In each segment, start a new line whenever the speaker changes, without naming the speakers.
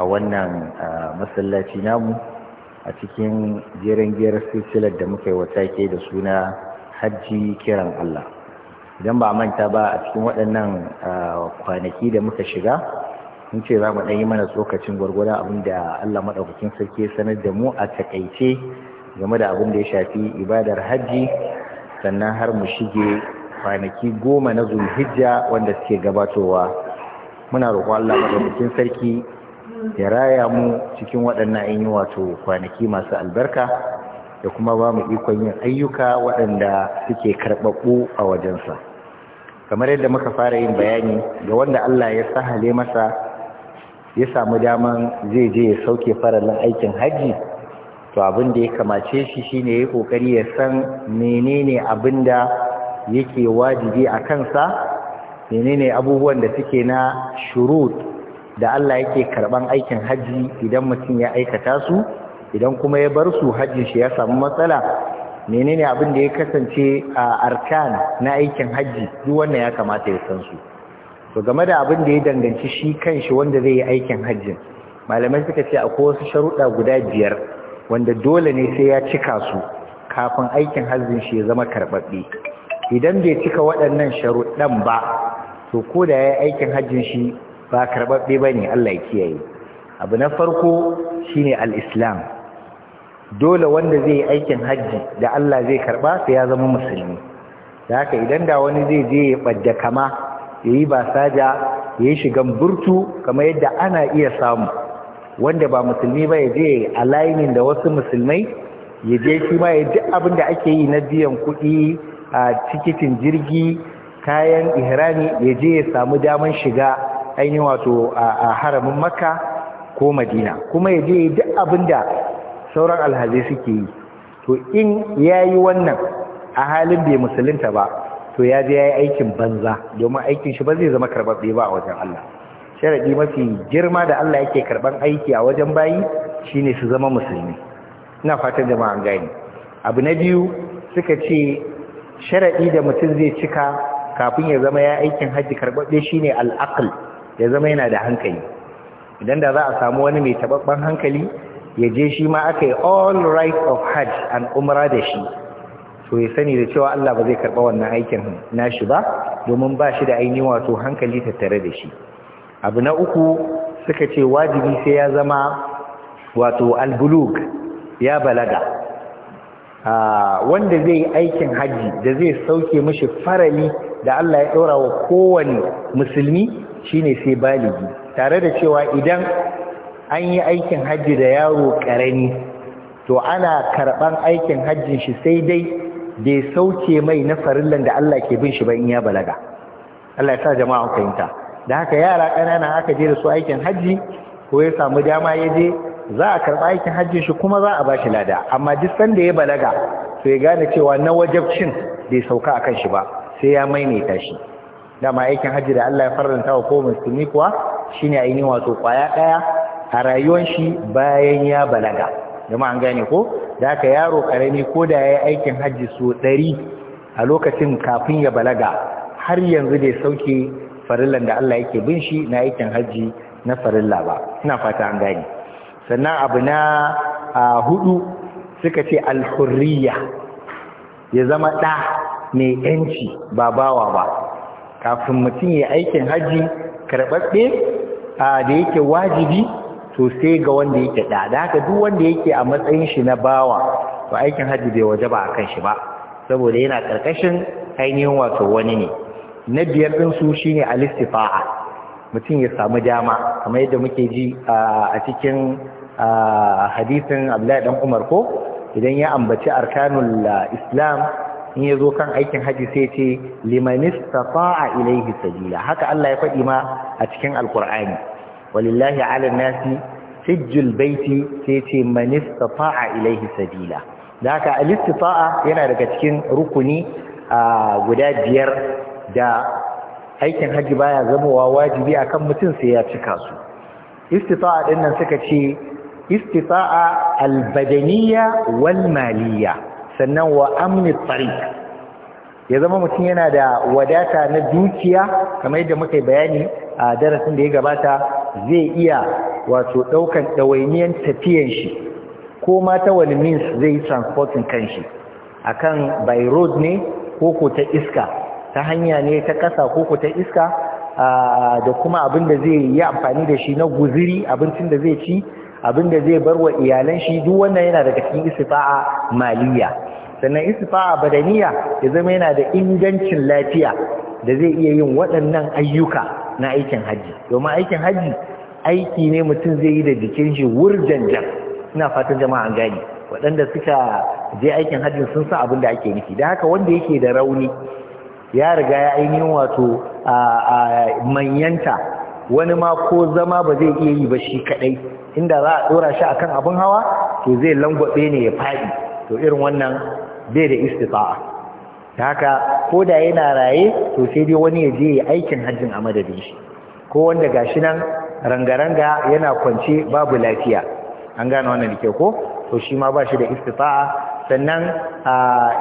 a wannan masallaci namu a cikin jeren giyar silsilar da muka yi wata ke da suna hajji kiran Allah idan ba manta ba a cikin waɗannan kwanaki da muka shiga mun ce za mu ɗan yi mana tsokacin gwargwadon abinda Allah maɗaukakin sarki sanar da mu a takaice game da abin da ya shafi ibadar hajji sannan har mu shige kwanaki goma na zulhijja wanda suke gabatowa muna roƙon Allah maɗaukakin sarki ya raya mu cikin waɗannan an yi wato kwanaki masu albarka da kuma ba mu ikon yin ayyuka waɗanda suke karɓaɓɓu a wajensa kamar yadda muka fara yin bayani ga wanda Allah ya sahale masa ya samu daman zai je ya sauke farallin aikin hajji to abin da ya kamace shi shine ya kokari ya san menene abin da yake wajibi a kansa menene abubuwan da suke na shurut da Allah yake karban aikin haji idan mutum ya aikata su idan kuma ya bar su hajjin shi ya samu matsala menene abin da ya kasance a arkan na aikin haji duk wannan ya kamata ya san su to game da abin da ya danganci shi kanshi wanda zai yi aikin hajjin malamai suka ce akwai wasu sharuɗa guda biyar wanda dole ne sai ya cika su kafin aikin hajjin shi ya zama karɓaɓɓe idan bai cika waɗannan sharuɗan ba to koda da ya yi aikin hajjin shi ba karɓaɓɓe ba ne Allah ya kiyaye abu na farko shine al-islam dole wanda zai yi aikin hajji da Allah zai karɓa sai ya zama musulmi da haka idan da wani zai je ya ɓadda kama ya yi basaja ya yi shigan burtu kamar yadda ana iya samu wanda ba musulmi ba ya je layinin da wasu musulmai ya je shi ma ya duk abin da ake yi na biyan kuɗi a tikitin jirgi kayan ihrami ya je ya samu daman shiga ainihin wato a haramin makka ko madina kuma ya je duk abin da sauran alhazai suke yi to in ya yi wannan a halin bai musulunta ba to ya je ya yi aikin banza domin aikin shi ba zai zama karɓaɓɓe ba a wajen Allah sharaɗi mafi girma da Allah yake karɓan aiki a wajen bayi shine su zama musulmi ina fatan jama'a gani abu na biyu suka ce sharaɗi da mutum zai cika kafin ya zama ya aikin hajji karɓaɓɓe shine al al'aql ya zama yana da hankali idan da za a samu wani mai tababban hankali ya je shi ma aka yi all right of hajj and umra da shi to ya sani da cewa Allah ba zai karɓa wannan aikin nashi ba domin ba shi da ainihin wato hankali tattare da shi abu na uku suka ce wajibi sai ya zama wato albulug ya balaga wanda zai aikin hajji da zai sauke mashi farali da Allah ya ɗora wa kowane musulmi shine sai baligi tare da cewa idan an yi aikin hajji da yaro karami to ana karɓan aikin hajjin shi sai dai dai sauke mai na farillan da Allah ke bin shi ba in ya balaga Allah ya sa jama'a fahimta da haka yara ƙanana aka je da su aikin hajji ko ya samu dama ya je za a karɓa aikin hajjin shi kuma za a ba shi lada amma duk sanda ya balaga to ya gane cewa na wajabcin bai sauka akan shi ba sai ya maimaita shi dama aikin hajji da Allah ya faranta wa kowa musulmi kuwa shine ainihin wato kwaya ɗaya. a rayuwar shi bayan ya balaga jama'a an gane ko da aka yaro karami ko da yayi aikin hajji so 100 a lokacin kafin ya balaga har yanzu da sauke farillan da Allah yake bin shi na aikin hajji na farilla ba ina fata an gane sannan abu na hudu suka ce alhurriya ya zama ɗa mai yanci ba bawa ba kafin mutum ya aikin hajji karɓaɓɓe da yake wajibi to ga wanda yake ɗaɗa da haka duk wanda yake a matsayin shi na bawa to aikin hajji bai waje ba a kan shi ba saboda yana ƙarƙashin ainihin wato wani ne na biyar ɗin su shine alistifa'a mutum ya samu dama kamar yadda muke ji a cikin hadisin abdullahi dan umar ko idan ya ambaci arkanul islam in ya zo kan aikin haji sai ce limanis fa'a ilaihi sabila haka Allah ya faɗi ma a cikin alkur'ani walillahi ala nasi sijjul baiti sai ce manis fa'a ilaihi sabila da haka alistifa'a yana daga cikin rukuni a guda biyar da aikin haji baya zamowa wajibi akan mutum sai ya cika su istifa'a ɗinnan suka ce istifa'a albadaniya wal maliya sannan wa amni tariq ya zama mutum yana da wadata na dukiya kamar yadda muka yi bayani a darasin da ya gabata zai iya wato ɗaukan ɗawainiyar tafiyan shi ko mata ta wani means zai yi transportin a akan by road ne ko ko ta iska ta hanya ne ta ƙasa ko ko ta iska da kuma abin da zai yi amfani da shi na guziri abincin da zai ci abin da zai bar wa iyalan shi duk wannan yana daga cikin istifa'a maliya sannan a badaniya ya zama yana da ingancin lafiya da zai iya yin waɗannan ayyuka na aikin hajji domin aikin hajji aiki ne mutum zai yi da jikin shi jan ina fatan jama'a an waɗanda suka je aikin hajji sun san abin da ake nufi da haka wanda yake da rauni ya riga ya ainihin wato a manyanta wani ma ko zama ba zai iya yi ba shi kaɗai inda za a ɗora shi akan abin hawa to zai langwabe ne ya faɗi to irin wannan bai da istifa'a ta haka ko da yana raye to sai dai wani ya je ya aikin hajjin a madadin shi ko wanda gashi nan rangaranga yana kwance babu lafiya an gane wannan da ko to shi ma ba shi da istifa'a sannan a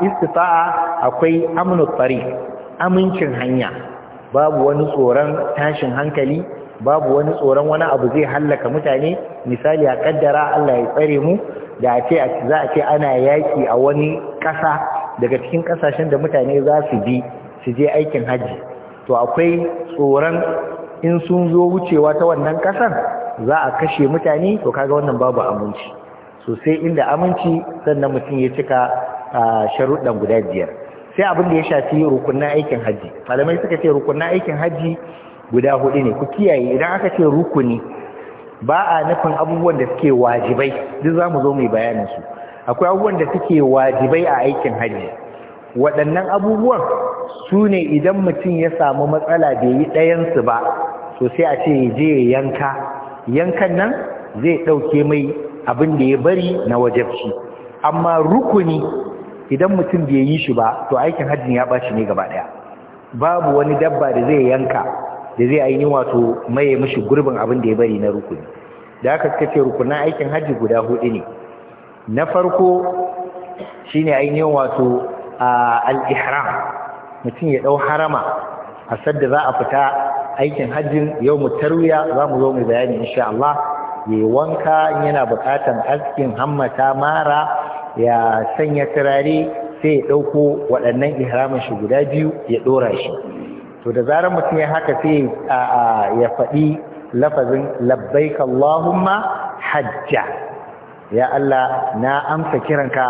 istifa'a akwai amnu tsari amincin hanya babu wani tsoron tashin hankali babu wani tsoron wani abu zai hallaka mutane misali a kaddara Allah ya tsare mu da a ce za a ce ana yaki a wani ƙasa daga cikin ƙasashen da mutane za su bi su je aikin hajji to akwai tsoron in sun zo wucewa ta wannan ƙasar za a kashe mutane to kaga wannan babu aminci sosai inda aminci sannan mutum ya cika a sharuɗan guda biyar sai abin da ya shafi rukunin aikin hajji malamai suka ce rukunin aikin hajji guda hudu ne ku kiyaye idan aka ce rukuni ba a nufin abubuwan da suke wajibai duk za mu zo mai bayanin su akwai abubuwan da suke wajibai a aikin hajji waɗannan abubuwan su ne idan mutum ya samu matsala bai yi ɗayansu ba to sai a ce je ya yanka yankan nan zai ɗauke mai abin da ya bari na wajabci amma rukuni idan mutum bai yi shi ba to aikin hajji ya ɓaci ne gaba ɗaya babu wani dabba da zai yanka da zai aini wato maye mashi gurbin abin da ya bari na rukuni da aka suka ce rukunan aikin hajji guda hudu ne na farko shine ainihin wato al-ihram mutum ya dau harama a sadda za a fita aikin hajjin yau mu tarwiya za mu zo mu bayani insha Allah ya wanka yana bukatan askin hammata mara ya sanya turare sai ya ɗauko waɗannan ihramin shi guda biyu ya ɗora shi to da zarar mutum ya haka sai ya faɗi lafazin labbaika Allahumma hajja ya Allah na amsa kiranka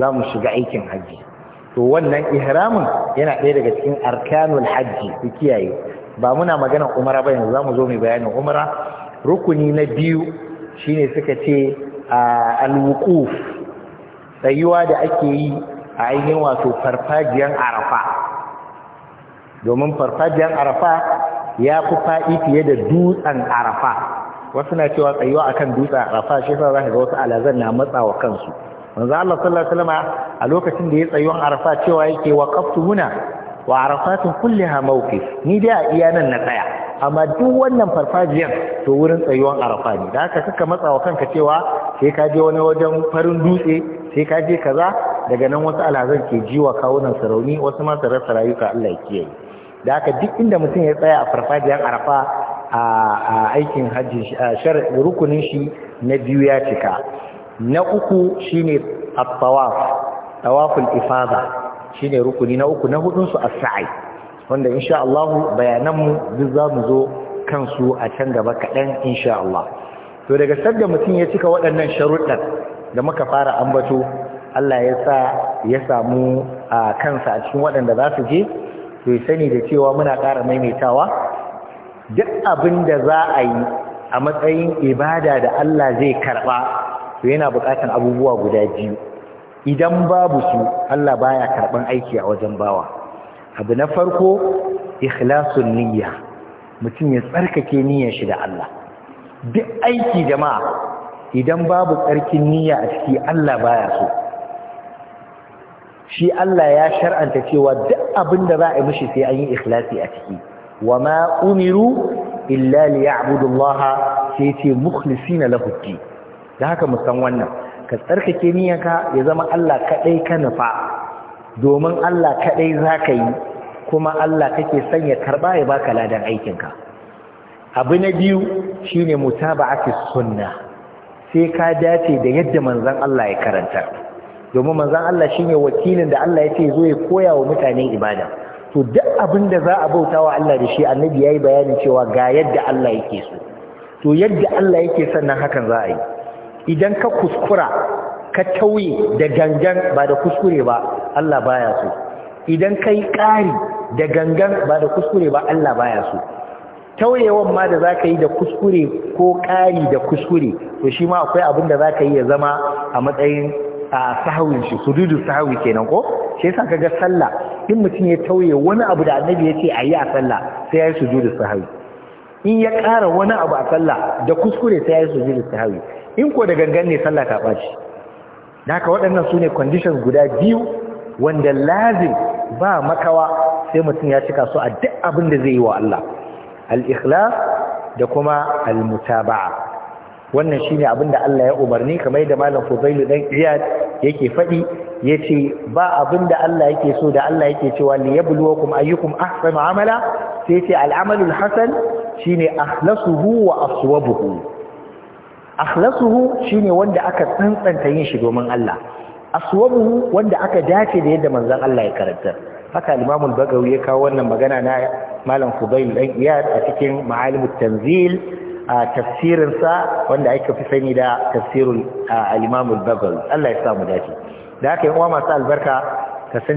za mu shiga aikin hajji to wannan ihramin yana ɗaya daga cikin arkanul hajji su kiyaye ba muna magana umara ba yanzu mu zo mu bayanin umara rukuni na biyu shine suka ce a alwukuf tsayuwa da ake yi a ainihin wato farfajiyar arafa domin farfajiyar arafa ya fi faɗi fiye da dutsen arafa wasu na cewa tsayuwa akan dutsen arafa shi za zaka ga wasu alazan na matsa wa kansu wanzu Allah sallallahu alaihi wasallam a lokacin da ya tsayuwan arafa cewa yake waqaftu muna wa arafatun ha mauke ni dai a iya nan na tsaya amma duk wannan farfajiyar to wurin tsayuwan arafa ne da haka kaka matsa wa kanka cewa sai ka je wani wajen farin dutse sai ka je kaza daga nan wasu alhazan ke jiwa kawunan sarauni wasu ma sarar rayuka Allah ya kiyaye da aka duk inda mutum ya tsaya a farfajiyar arafa a aikin hajji rukunin shi na biyu ya cika na uku shine at-tawaf tawaful ifada shine rukuni na uku na hudun su as-sa'i wanda insha Allah bayanan mu duk zamu zo kansu a can gaba kaɗan insha Allah to daga sadda mutum ya cika waɗannan sharuɗan da muka fara ambato Allah ya sa ya samu kansa a cikin waɗanda za su je to sani da cewa muna ƙara maimaitawa duk abin da za a yi a matsayin ibada da Allah zai karɓa to yana buƙatar abubuwa guda biyu idan babu su Allah baya karɓan aiki a wajen bawa abu na farko ikhlasun niyya mutum ya tsarkake niyyar shi da Allah duk aiki jama'a idan babu tsarkin niyya a ciki Allah baya so shi Allah ya shar'anta cewa duk abin da za a yi mishi sai an yi ikhlasi a ciki wa ma umiru illa liya'budu Allah sai ce mukhlisina lahu din da haka mu san wannan ka tsarkake niyyarka ya zama Allah kadai ka nufa domin Allah kadai zaka yi kuma Allah kake sanya karba ya baka ladan aikinka abu na biyu shine mutaba'atis sunna sai ka dace da yadda manzon Allah ya karanta domin manzan Allah shi ne wakilin da Allah ya ce zo ya koya wa mutane ibada to duk abin da za a bauta wa Allah da shi annabi yi bayanin cewa ga yadda Allah yake so to yadda Allah yake sannan hakan za a yi idan ka kuskura ka tauye da gangan ba da kuskure ba Allah baya so idan yi ƙari da gangan ba da kuskure ba Allah baya so tauyewan ma da za ka yi da kuskure ko ƙari da kuskure to shi ma akwai abin da ka yi ya zama a matsayin a sahawin shi sujudu sahawi kenan ko shi yasa kaga sallah in mutum ya tauye wani abu da annabi yace ayi a sallah sai yayi sujudu sahawi in ya kara wani abu a sallah da kuskure sai yayi sujudu sahawi in ko da gangan ne sallah ta baci Naka waɗannan sune conditions guda biyu wanda lazim ba makawa sai mutum ya cika su a duk abin da zai yi wa Allah al-ikhlas da kuma al-mutaba'a wannan shine abin da Allah ya umarni kamar da malam Fudailu dan Iyad yake faɗi yace ba abinda Allah yake so da Allah yake cewa li yabluwakum ayyukun ahsanu amala sai yace al'amalul Hassan shine akhlasuhu wa aswabuhu akhlasuhu shine wanda aka tsantsanta yin shi domin Allah aswabuhu wanda aka dace da yadda manzon Allah ya karanta haka Limamin al-Bagawi ya kawo wannan magana na Malam Fudayl dan Iyad a cikin Ma'alimut Tanzil a tafsirinsa wanda aka fi sani da tafsirin al-Imam Allah ya samu dace da aka uwa masu albarka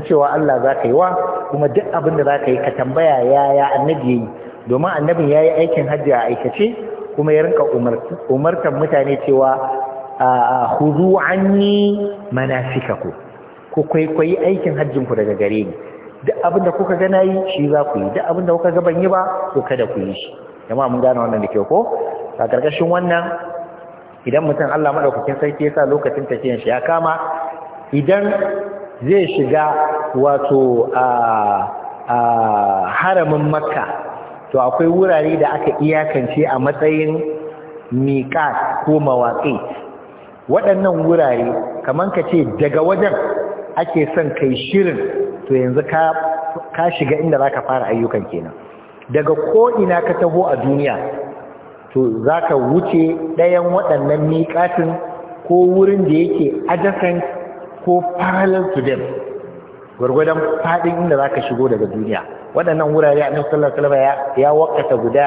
cewa Allah za ka yi wa kuma duk abin da za ka yi ka tambaya yaya annabi yayi domin annabin yayi aikin hajji a aikace kuma ya rinka umartar mutane cewa huzu anni manasikaku ku kwaikwayi aikin hajjin ku daga gare ni duk abin da kuka ga nayi shi za ku yi duk abin da kuka ga ban yi ba to kada ku yi shi jama'a mun gane wannan da ke ko a karkashin wannan idan mutum Allah maɗaukakin sarki ya sa lokacin tafiyan shi ya kama idan zai shiga wato a haramin makka to akwai wurare da aka iyakance a matsayin miƙat ko mawaƙi waɗannan wurare kamar ka ce daga wajen ake son kai shirin to yanzu ka shiga inda za ka fara ayyukan kenan daga ko'ina ka taho a duniya to za ka wuce ɗayan waɗannan miƙatin ko wurin da yake adjacent ko parallel to them gwargwadon faɗin inda za ka shigo daga duniya waɗannan wurare a nan sallar salama ya wakata guda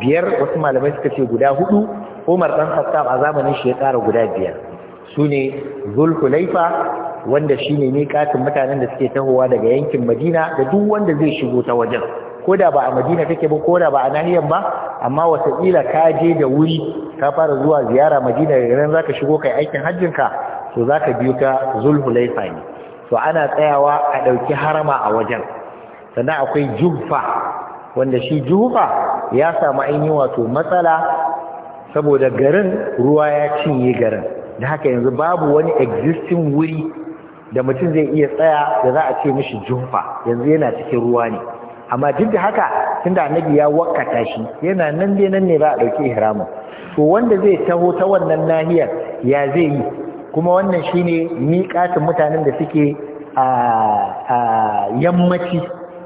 biyar wasu malamai suka ce guda hudu umar ɗan fasta a zamanin shi ya tsara guda biyar su ne zulhulaifa wanda shi ne miƙatin mutanen da suke tahowa daga yankin madina da duk wanda zai shigo ta wajen ko da ba a madina kake ba ko da ba a nahiyar ba amma wataƙila ka je da wuri ka fara zuwa ziyara madina idan za ka shigo kai aikin hajjinka to za ka biyo ka zulhulaifa ne to ana tsayawa a ɗauki harama a wajen sannan akwai jufa wanda shi jufa ya samu ainihin wato matsala saboda garin ruwa ya cinye garin da haka yanzu babu wani existing wuri da mutum zai iya tsaya da za a ce mishi jufa yanzu yana cikin ruwa ne amma duk da haka tunda annabi ya wakata shi yana nan dai nan ne ba a ɗauki ihramu to wanda zai taho ta wannan nahiyar ya zai yi kuma wannan shine miƙatin mutanen da suke a yammaci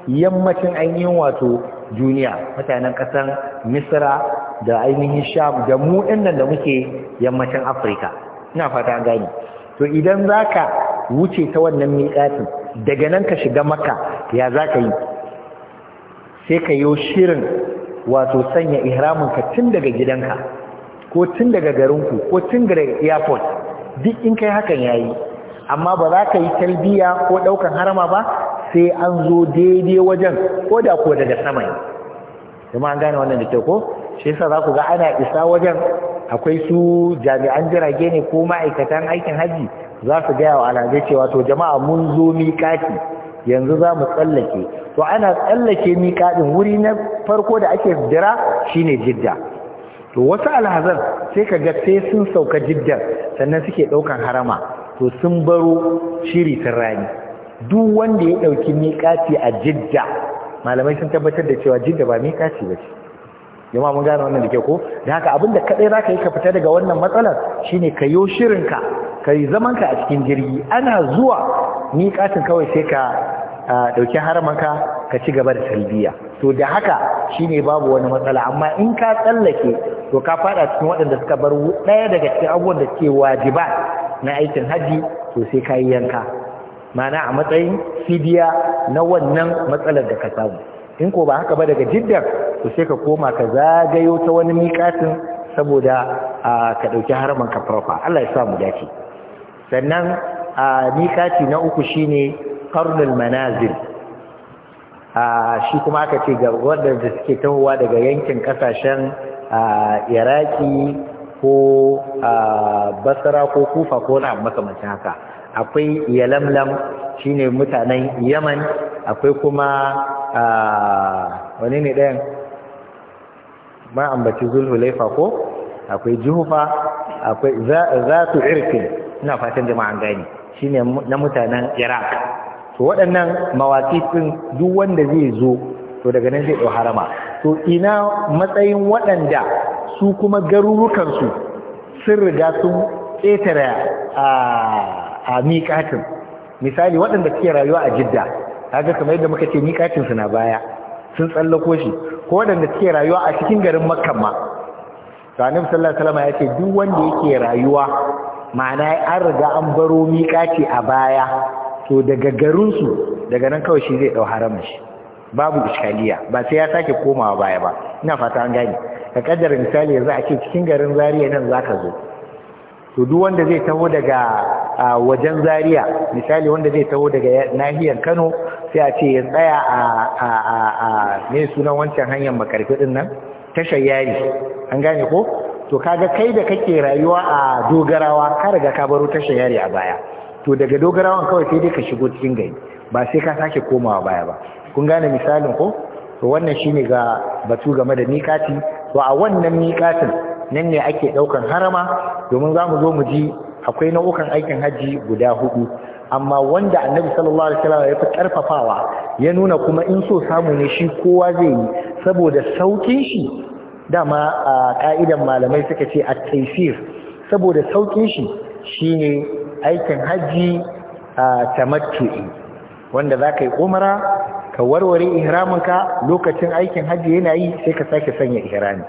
yammacin ainihin wato duniya mutanen ƙasar misra da ainihin sham da mu nan da muke yammacin afirka ina fata gani to idan zaka wuce ta wannan miƙatin daga nan ka shiga maka ya zaka yi sai ka yi shirin wato sanya ihraminka tun daga gidanka ko tun daga garinku ko tun daga airport duk in kai hakan yayi amma ba za ka yi talbiya ko ɗaukan harama ba sai an zo daidai wajen ko da ko daga sama ne kuma an gane wannan da ke ko shi yasa za ku ga ana isa wajen akwai su jami'an jirage ne ko ma'aikatan aikin hajji za su gaya wa alhaji cewa to jama'a mun zo miƙati yanzu za mu tsallake to ana tsallake miƙaɗin wuri na farko da ake shi shine jidda to wasu alhazan sai ka ga sai sun sauka jiddar sannan suke ɗaukan harama to sun baro shiri sun rani duk wanda ya ɗauki miƙaci a jidda malamai sun tabbatar da cewa jidda ba miƙaci ba ce yamma mun gane wannan da ke ko da haka abinda kaɗai za ka yi ka fita daga wannan matsalar shine ka yo shirinka ka yi zamanka a cikin jirgi ana zuwa miƙacin kawai sai ka dauki harmanka ka ci gaba da talbiya to da haka shine babu wani matsala amma in ka tsallake to ka fada cikin waɗanda suka bar ɗaya daga cikin abubuwan da ke wajiba na aikin haji to sai ka yi yanka mana a matsayin fidiya na wannan matsalar da ka samu in ko ba haka ba daga jiddar to sai ka koma ka zagayo ta wani miƙatin saboda ka ɗauki harmanka farfa Allah ya sa mu dace sannan a miƙati na uku shine karnul manazil a shi kuma aka ce ga waɗanda suke tahowa daga yankin ƙasashen iraki ko basara ko kufa ko na makamacin haka akwai yalamlam shi ne mutanen yaman akwai kuma wani ne ɗayan ma ambaci zulhulaifa ko akwai juhufa akwai zatu irkin ina fatan jama'an gani shi ne na mutanen iraki to waɗannan mawaƙi ɗin duk wanda zai zo to daga nan zai ɗau harama to ina matsayin waɗanda su kuma garurukansu sun riga sun ƙetare a miƙatin misali waɗanda suke rayuwa a jidda haka kamar yadda muka ce miƙatin na baya sun tsallako shi ko waɗanda suke rayuwa a cikin garin makka ma to annabi sallallahu ya ce duk wanda yake rayuwa ma'ana an riga an baro miƙaci a baya to daga garinsu daga nan kawai shi zai ɗau haramun shi babu iskaliya ba sai ya sake komawa baya ba ina fata an gane ka kaddara misali yanzu a ce cikin garin Zaria nan zaka zo to duk wanda zai taho daga wajen Zariya, misali wanda zai taho daga nahiyar kano sai a ce ya tsaya a a sunan wancan hanyar makarfi din nan tashar yari an gane ko to kaga kai da kake rayuwa a dogarawa ka riga ka baro tashar yari a baya to daga dogarawan kawai sai dai ka shigo cikin gari ba sai ka sake komawa baya ba kun gane misalin ko to wannan shine ga batu game da miƙati to a wannan miƙatin nan ne ake ɗaukan harama domin za mu zo mu ji akwai nau'ukan aikin hajji guda hudu amma wanda annabi sallallahu alaihi wasallam ya fi karfafawa ya nuna kuma in so samu ne shi kowa zai yi saboda saukin shi dama a ka'idan malamai suka ce a taysir saboda saukin shi shine aikin hajji a tamattu'i wanda za ka yi umara ka warware ihraminka lokacin aikin hajji yana yi sai ka sake sanya ihrami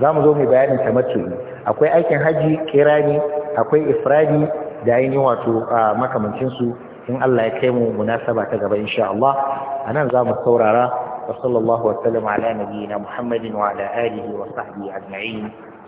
za mu zo mai bayanin tamattu'i akwai aikin hajji kirani akwai ifradi da ainihin wato makamancinsu in Allah ya kai mu munasaba ta gaba insha Allah anan za mu saurara wa sallallahu wa sallam ala nabiyyina Muhammadin wa ala alihi wa sahbihi ajma'in